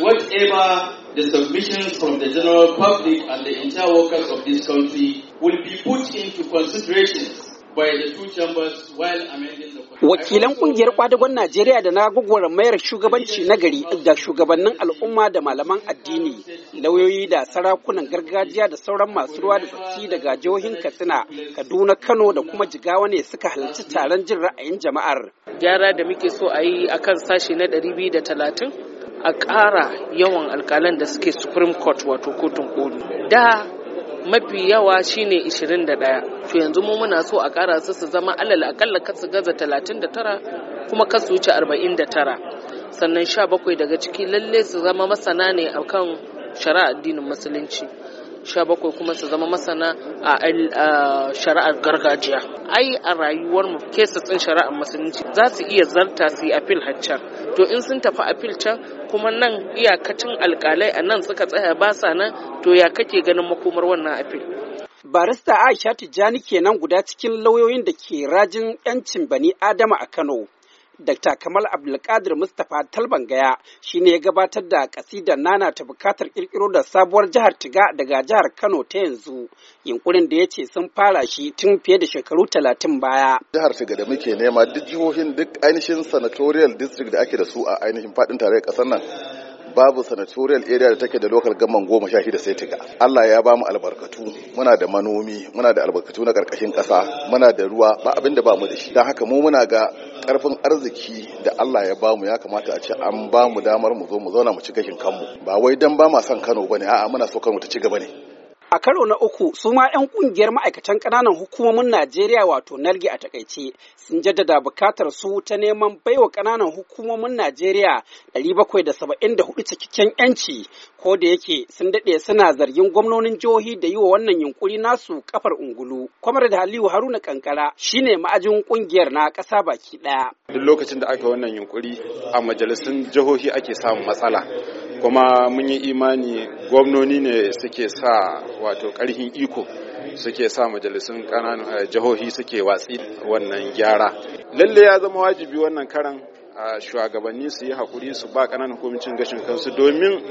Whatever the submissions from the general public and the entire workers of this country will be put into the Wakilan kungiyar kwadagon Najeriya da na mayar shugabanci na gari da shugabannin al'umma da malaman addini, lauyoyi da sarakunan gargajiya da sauran masu ruwa da tsaki daga jihohin Katsina, Kaduna, Kano da kuma Jigawa ne suka halarci taron jin ra'ayin jama'ar. Gyara da muke so a yi akan sashi na talatin. a ƙara yawan alƙalan da suke supreme court wato kotun koli da mafi yawa shine 21 to yanzu mu muna so a ƙara su su zama alal akalla kasu gaza 39 kuma kasu wuce 49 sannan 17 daga ciki lalle su zama masana ne akan shari'a addinin musulunci sha bakwai kuma su zama masana a shari'ar gargajiya ai a rayuwar mu kesa tsin shari'ar musulunci za su iya zarta su yi apil haccan to in sun tafi apil can kuma nan iyakacin alkalai a nan suka tsaya ba sa nan to ya kake ganin makomar wannan apil barista aisha tijjani kenan guda cikin lauyoyin da ke rajin 'yancin bani adama a kano Dr. Kamal Abdulkadir Mustapha Talban Gaya shi ne ya gabatar da kasidar nana ta bukatar kirkiro da sabuwar jihar Tiga daga jihar Kano ta yanzu yunkurin da ya ce sun fara shi tun fiye da shekaru talatin baya. Jihar Tiga da muke nema duk jihohin duk ainihin sanatorial district da ake da su a ainihin faɗin tarayyar ƙasar nan babu sanatorial area da take da local gaman goma sha shida sai tiga Allah ya ba mu albarkatu muna da manomi muna da albarkatu na karkashin kasa muna da ruwa ba abin da bamu da shi don haka mu muna ga karfin arziki da Allah ya ba mu ya kamata a ce an ba mu damar mu zo mu zauna mu ci gashin kanmu ba wai dan ba ma son Kano bane a'a muna so Kano ta ci gaba ne A karo na uku su ma 'yan kungiyar ma'aikatan ƙananan hukumomin Najeriya wato Nalge a takaice sun jaddada bukatar su ta neman baiwa ƙananan hukumomin Najeriya 774 cikakken 'yanci ko da yake sun daɗe suna zargin gwamnonin jihohi da yi wa wannan yunkuri nasu kafar ungulu. Kwamar da Aliyu, Haruna Kankara shine ma'ajin kungiyar na ƙasa baki ɗaya. Duk lokacin da aka wannan yunkuri a majalisun jihohi ake samun matsala. kuma mun yi imani gwamnoni ne suke sa wato karhin iko suke sa majalisun kananan eh, jihohi suke watsi wannan gyara lalle ya zama wajibi wannan karan a shugabanni su yi hakuri su ba kananan hukumcin gashin kansu domin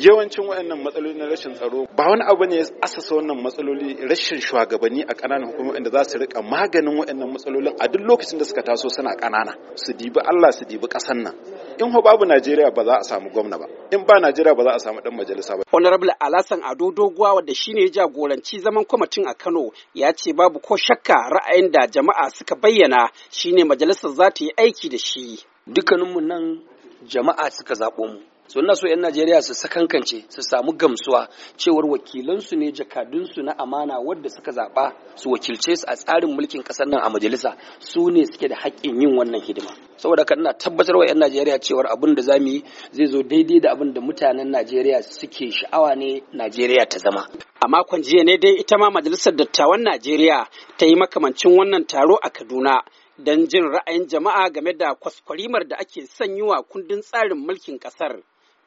yawancin waɗannan matsaloli na rashin tsaro ba wani abu ne asasa wannan matsaloli rashin shugabanni a ƙananan hukumar da za su rika maganin waɗannan matsalolin a duk lokacin da suka taso suna ƙanana su dibi Allah su dibi ƙasan nan in ho babu Najeriya ba za a samu gwamna ba in ba Najeriya ba za a samu dan majalisa ba Honorable Alasan Ado Doguwa wanda shine ya jagoranci zaman kwamitin a Kano ya ce babu ko shakka ra'ayin da jama'a suka bayyana shine majalisar za ta yi aiki da shi dukkaninmu nan jama'a suka zaɓo mu so ina so 'yan najeriya su sakankance su samu gamsuwa cewar wakilansu ne jakadunsu na amana wadda suka zaɓa su wakilce su a tsarin mulkin ƙasar nan a majalisa su ne suke da haƙƙin yin wannan hidima saboda kan na tabbatar wa 'yan najeriya cewar abin da zamu yi zai zo daidai da abin da mutanen najeriya suke sha'awa ne najeriya ta zama a makon jiya ne dai ita ma majalisar dattawan najeriya ta yi makamancin wannan taro a kaduna don jin ra'ayin jama'a game da kwaskwarimar da ake sanyi wa kundin tsarin mulkin ƙasar.